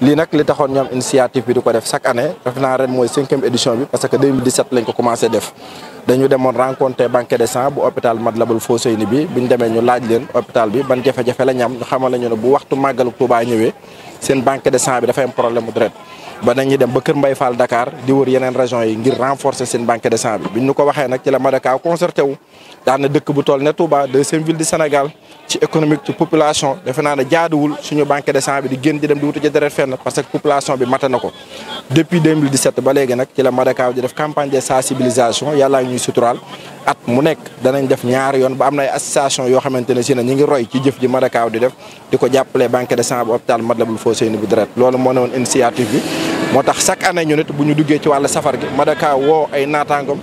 lii nag li taxoon ñoom initiative bi di ko def chaque année def na ren mooy cinquième édition bi parce que 2017 lañ ko commencé def dañu demoon rencontré banque de sang bu hôpital Matlaboul Fawzeyni bi bi ñu demee ñu laaj leen hôpital bi ban jafe-jafe la ñam ñu xamal la ñu ne bu waxtu màggalu Tuubaa ñëwee seen banque de sang bi dafay am problème mu deret ba nañu dem ba Kër Mbay Fall Dakar di wër yeneen région yi ngir renforcer seen banque de sang bi biñ ñu ko waxee nag ci la Madaka concerté wu dëkk bu toll ne économique population defe naa ne jaaduwul suñu banque de sang bi di génn di dem di wutu ci deret fenn parce que population bi mata na ko depuis 2017 ba léegi nag ci la Madaka di def campagne de sensibilisation yàllaa ñuy suturaal at mu nekk danañ def ñaari yoon ba am na ay association yoo xamante ne si ne ñu ngi roy ci jëf ji Madakaaw di def di ko jàppale banque de sang bu hôpital Matlaboul moo ne woon bi moo tax chaque année ñu nit bu ñu duggee ci wàllu safar gi Madaka woo ay naataangam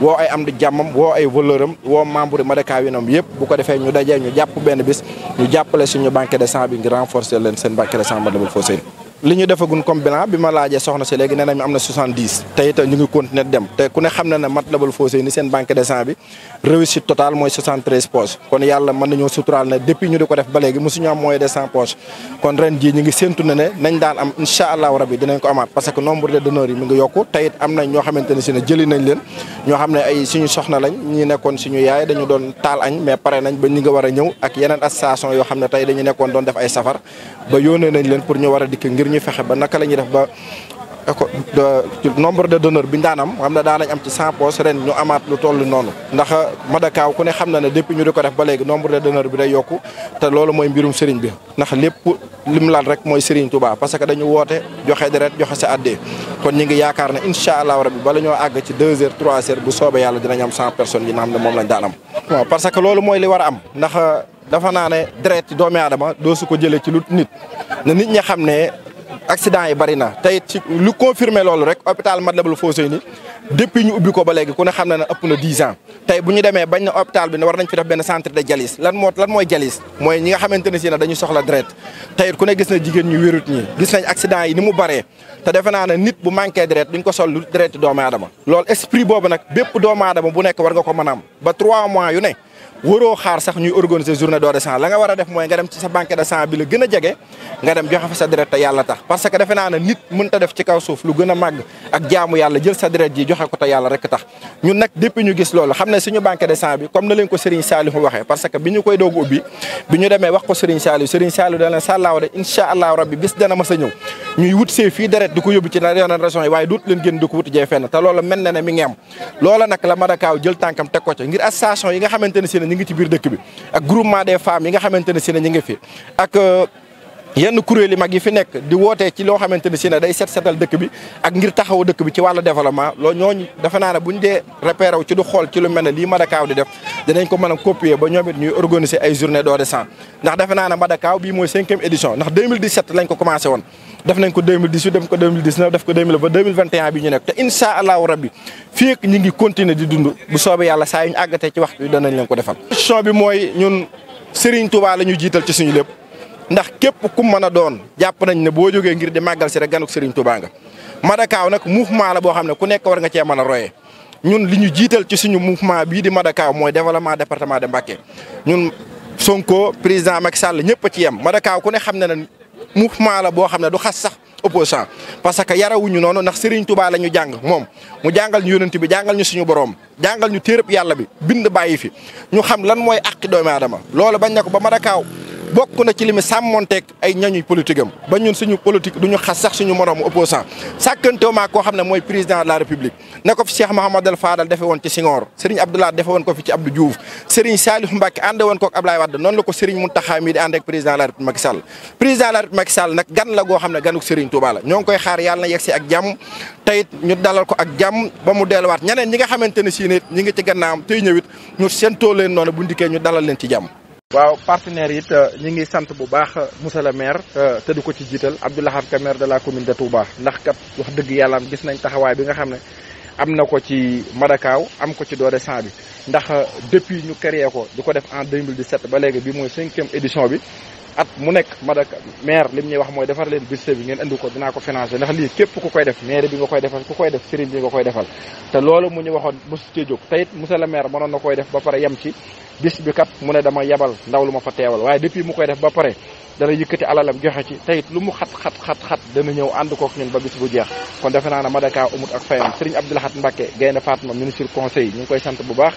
wo ay am di jàmmam ay voleuram woo membre Madaka wi nam yëpp bu ko defee ñu dajee ñu jàpp benn bis ñu jàppale suñu banque de sang bi ngir renforcer leen seen banque de sang Matlaboul Fawzeyni li ñu defagun comme bilan bi ma laajee soxna si léegi nee nañ am na 70 te it ñu ngi continuer dem te ku ne xam na ne Matlaboul Fawzeyni seen banque de sang bi réussite totale mooy 73 poches kon yàlla mën nañoo suturaal ne depuis ñu di ko def ba léegi mosuñu am moyen de 100 poches kon ren jii ñu ngi séntu ne ne nañ daan am incha allahu rabi dinañ ko amaat parce que nombre de donneurs yi mu ngi yokku te am nañ ñoo xamante ne leen ñoo xam ne ay lañ ñi nekkoon suñu yaay dañu doon taal mais pare nañ ba ñi nga war a ñëw yoo xam ne tey dañu nekkoon doon def ay a dikk ngir ñuy fexe ba naka la ñuy ba nombre de donneur bi daanam am xam ne daanañ am ci cent poches ren ñu amaat lu toll noonu ndax Madakaw ku ne xam na ne depuis ñu di ko def ba léegi nombre de donneur bi da yokku te loolu mooy mbirum sëriñ bi ndax lépp lim laal rek mooy sëriñ Touba parce que dañu woote joxe deret joxe sa addee kon ñu ngi yaakaar ne incha allahu rabi bala ñoo àgg ci deux heures trois heures bu soobee yàlla dinañ am cent personnes yi nga xam ne moom a am doo su ci lu nit na nit xam ne accident yi bari na tey ci lu confirmer loolu rek hôpital Matlaboul Fawzeyni depuis ñu ubbi ko ba léegi ku ne xam na ne ëpp na dix an tey bu ñu demee bañ na hôpital bi ne war nañ fi def benn centre de dialyse lan moo lan mooy dialyse mooy ñi nga xamante ne si ne dañu soxla deret tey ku ne gis na jigéen ñu wérut ñi gis nañ accident yi ni mu baree te defe naa ne nit bu manqué deret duñ ko sol lu deret doomu aadama loolu esprit boobu nag bépp doomu aadama bu nekk war nga ko mën a trois mois yu ne waroo xaar sax ñuy organiser journée don de sang la war a def mooy nga dem ci sa banque de sang bi la gën a jege nga dem joxe fa sa deret yàlla tax parce que defe naa ne nit mënta def ci kaw suuf lu gën a màgg ak jaamu yàlla jël sa deret ji joxe ko te yàlla rek tax ñun nag depuis ñu gis loolu xam ne suñu banque de sang bi comme na leen ko Serigne Saliou waxee parce que bi ñu koy doogu ubbi bi ñu demee wax ko Serigne Saliou Serigne Saliou dana sàllaaw de incha allahu rabbi bis dana mas a ñëw ñuy wut see fii deret di ko yóbbu ci yeneen régions yi waaye duut leen génn di wut jee fenn te loola mel ne mi ngi loola nag la Madakaw jël tànkam teg ko ca ngir association yi nga xamante ne si ne ñu ngi ci biir dëkk bi ak groupement des femmes yi nga xamante ne si ne ñu ngi fi ak euh, yenn kuréel yi mag yi fi nekk di wootee ci loo xamante ni si ne day set setal dëkk bi ak ngir taxaw dëkk bi ci wàllu développement loolu ñooñu defe naa ne bu ñu dee repéré ci du xool ci lu mel ne lii di def dinañ ko mën a copier ba ñoom it ñuy organiser ay journée don sang ndax defe naa ne Madakaw bii mooy cinquième édition ndax 2017 lañ ko commencé woon def nañ ko 2018 def ko 2019 def ko 2000 ba bi ñu nekk te incha allahu rabbi fii ñu ngi continuer di dund bu soobee yàlla saa yu ñu àggatee ci waxtu bi danañ leen ko defal. édition bi la ñu jiital ci suñu lépp ndax képp ku mën a doon jàpp nañ ne boo jógee ngir di màggal si rek ganuk Serigne Touba nga Madakaw nag mouvement la boo xam ne ku nekk war nga cee mën a royee ñun li ñu jiital ci suñu mouvement bii di Madakaw mooy développement département de Mbacké ñun Sonko président Macky Sall ñëpp ci yem Madakaw ku ne xam ne ne mouvement la boo xam ne du xas sax opposant parce que yarawuñu noonu ndax Serigne Touba la ñu jàng moom mu jàngal ñu yonent bi jàngal ñu suñu borom jàngal ñu téereb yàlla bi bind bàyyi fi ñu xam lan mooy àqi doomu aadama loolu bañ na ko ba Madakaw bokk na ci li mu sàmmonteeg ay ñañuy politique ba ñun suñu politique du ñu xas sax suñu moroomu opposant sàkkantewoo maa koo xam ne mooy président la république na ko fi Cheikh Mahamadal Fadal defe woon ci Senghor Serigne Abdoulaye defe woon ko fi ci Abdou Diouf Serigne Salif Mbacke ànd woon ko ak Ablaye Wade la ko Serigne Mountakha mii di ànd ak président de la république Macky Sall président de la république Macky Sall nag gan la goo xam ne ganuk Serigne Touba la ñoo ngi koy xaar yàlla na yegg si ak dalal ko ak jàmm ba mu delluwaat ñeneen ñi nga xamante ne si nit ñi ngi ci gannaam tey ñëwit ñu sentoo leen noonu bu ndikkee ñu dalal leen ci jàmm waaw partenaires it ñi ngi sant bu baax monsieur le maire te du ko ci jiital Abdoulahad Ka maire de la commune de Touba ndax kat wax dëgg yàlla am gis nañ taxawaay bi nga xam ne am na ko ci Madakaw am ko ci doore sant bi ndax euh, depuis ñu créé ko di ko def en 2017 ba léegi bi mooy cinquième édition bi at mu nekk Madaka maire li mu ñuy wax mooy defar leen budget bi ngeen andi ko dinaa ko financé ndax lii képp ku koy def maire bi nga koy defal ku koy def sëriñ bi nga defal te loolu ñu waxoon mosu cee jóg te maire mënoon na koy def ba pare yem ci bis bi kat mu ne dama yebal ndaw lu ma fa teewal waaye depuis mu koy def ba pare dana yëkkati alalam joxe ci tayit lu mu xat xat xat xat dana ñëw ànd kook ñun ba bis bu jeex kon defe naa ne Madaka umut ak fayam Serigne Abdou Lahad Mbacké Gaïndé Fatma ministre conseil ñu ngi koy sant bu baax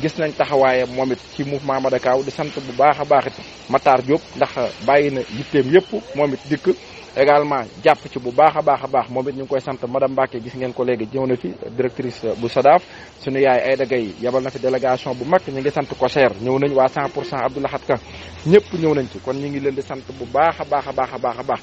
gis nañ taxawaaye moom it ci mouvement Madakaaw di sant bu baax a baax it Matar Diop ndax bàyyi na yitteem yëpp moom it dikk également jàpp ci bu baax a baax a baax moom it ñu ngi koy sant madame Mbacke gis ngeen ko léegi ñëw na fi directrice bu SODAV suñu yaay Aïda Gaye yabal na fi délégation bu mag ñu ngi sant Kocher ñëw nañ waa 100 pour cent Abdou Lahad Ka ñëpp ñëw nañ ci kon ñu ngi leen di sant bu baax a baax a baax a baax a baax